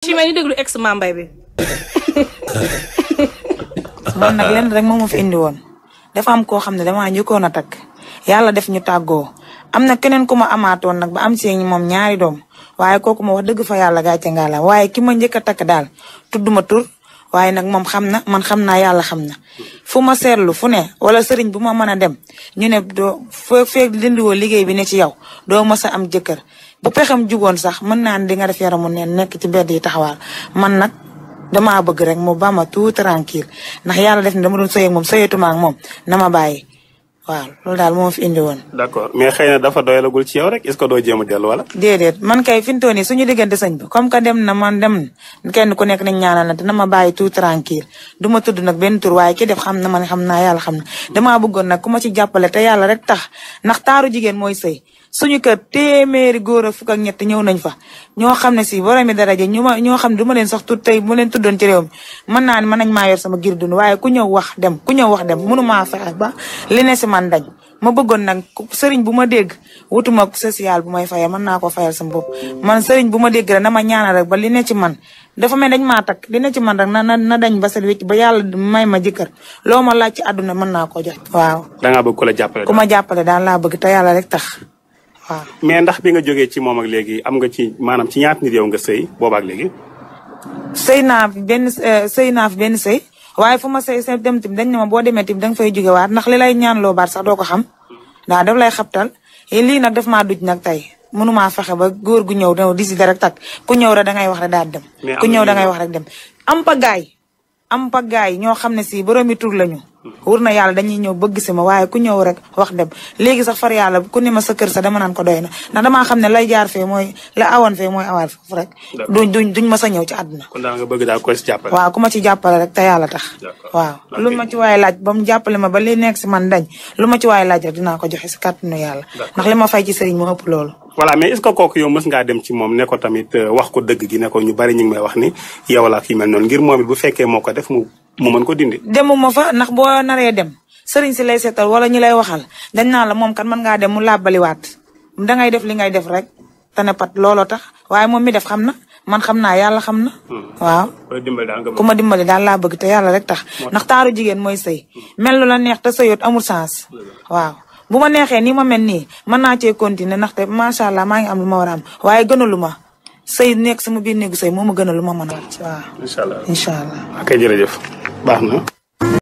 ci may déglu ex mambay bi. man nag lenn rek moom ma fi indi woon dafa am koo xam ne damaa njëkkoon a takk yàlla def ñu tàggoo am na keneen ku ma amaatoon nag ba am see moom ñaari doom waaye kooku ma wax dëgg fa yàlla gàcce nga la waaye ki ma njëkk a takk daal tudduma tur. waaye nag moom xam na man xam naa yàlla xam na fu ma seetlu fu ne wala sëriñ bu ma mën a dem ñu ne doo foo feeg dindiwoo liggéey bi ne ci yow doo mës a am jëkkër bu pexam jugoon sax mën naa di nga def yaramu neen nekk ci bedd yi taxawaal man nag damaa bëgg rek mu ba ma tout tranquille ndax yàlla def na dama doon sëy ak moom sëyatuma ak moom na ma bàyyi waaw loolu daal moo fi indi woon. d' mais xëy na dafa doyalagul ci yow rek est ce que doo jéem a dellu wala. déedéet man kay fi mu toll nii suñu diggante sëñ bi comme que dem na man dem kenn ku nekk nañ ñaanal na dina ma bàyyi tout tranquille du ma tudd nag benn tur waaye ki def xam na man xam naa yàlla xam na damaa bëggoon nag ku ma ci jàppale te yàlla rek tax ndax taaru jigéen mooy sëy suñu kër téeméeri goor ak fuk ak ñett ñew nañ fa ño xamné si boromi daraja ja ñuma ño xam duma leen sax tut tay mu leen tudon ci réew mi man naan man nañ ma yor sama girdun waye ku ñew wax dem ku ñew wax dem mënu maa ba li ne ci man dañ ma bëggon nak sëriñ bu ma dégg wutuma social bu may fayé man naa ko fayal sama bop man sëriñ bu ma dégg na ma ñaanal rek ba li ne ci man dafa mel dañ ma tak li ne ci man rek na na dañ ba sel wécc ba yalla may ma jëkër aduna man jox waaw da nga bëgg ko la jappalé kuma jappalé da la bëgg ta yalla rek tax Ah. mais ndax bi nga jógee ci moom ak léegi am nga ci maanaam ci ñaat nit yow nga sëy boobaak léegi. sëy naa benn euh, sëy naa fi benn sëy waaye fu ma sëy sëy dem tamit dañ ne boo demee tamit da nga fay jógewaat ndax li lay ñaanloo baat sax doo ko xam ndax daf lay xabtal eh, lii nag def maa duj nag tey mënumaa fexe ba góor gu ñëw daw di si dara tak ku ñëw rek dangay wax rek daal dem. ku ñëw da ngay wax rek dem am pagaay am pa gaay ño xamne si boromi tour lañu. wurna na dañuy ñew bëgg ci ma waye ku ñew rek wax dem legi sax far yalla ku ni ma sa kër sa dama nan ko doyna na dama xamne lay jaar fe moy la awon fe moy awal fu rek. duñ duñ duñ ma sa ñew ci aduna kon da nga bëgg da ko ci jappal waaw ku ma ci jappal rek ta yalla tax. waaw lu ma ci waaye laaj bam ma ba li nekk ci man dañ lu ci laaj rek dina ko joxe carte nu yalla ndax li fay ci serigne mo ëpp lolu voilà mais est ce que kooku yow mës ngaa dem ci moom ne ko tamit euh, wax ko dëgg gi ne ko ñu bari ñu ngi may wax ni yow laa fi mel noonu ngir moom bu fekkee moo def mu mu mën ko dindi. demuma fa ndax boo naree dem sëriñ si lay wala ñi lay waxal dañ la kan mën ngaa dem mu làbbaliwaat da ngay def li ngay def rek te pat looloo tax waaye moom mi def xam man xam naa yàlla hmm. waaw ku dimbali daal laa bëgg te yàlla rek tax ndax taaru jigéen mooy sëy hmm. mel lu la neex te amul sens waaw. bu ma neexee nii ma mel nii mën naa cee continuer ndaxte macha allah maa ngi am lu ma war a am waaye gënalu ma sëy nekk sama biir néegu sëy moo ma gënal lu ma mën a. waaw incha allah incha allah. ok jërëjëf baax na.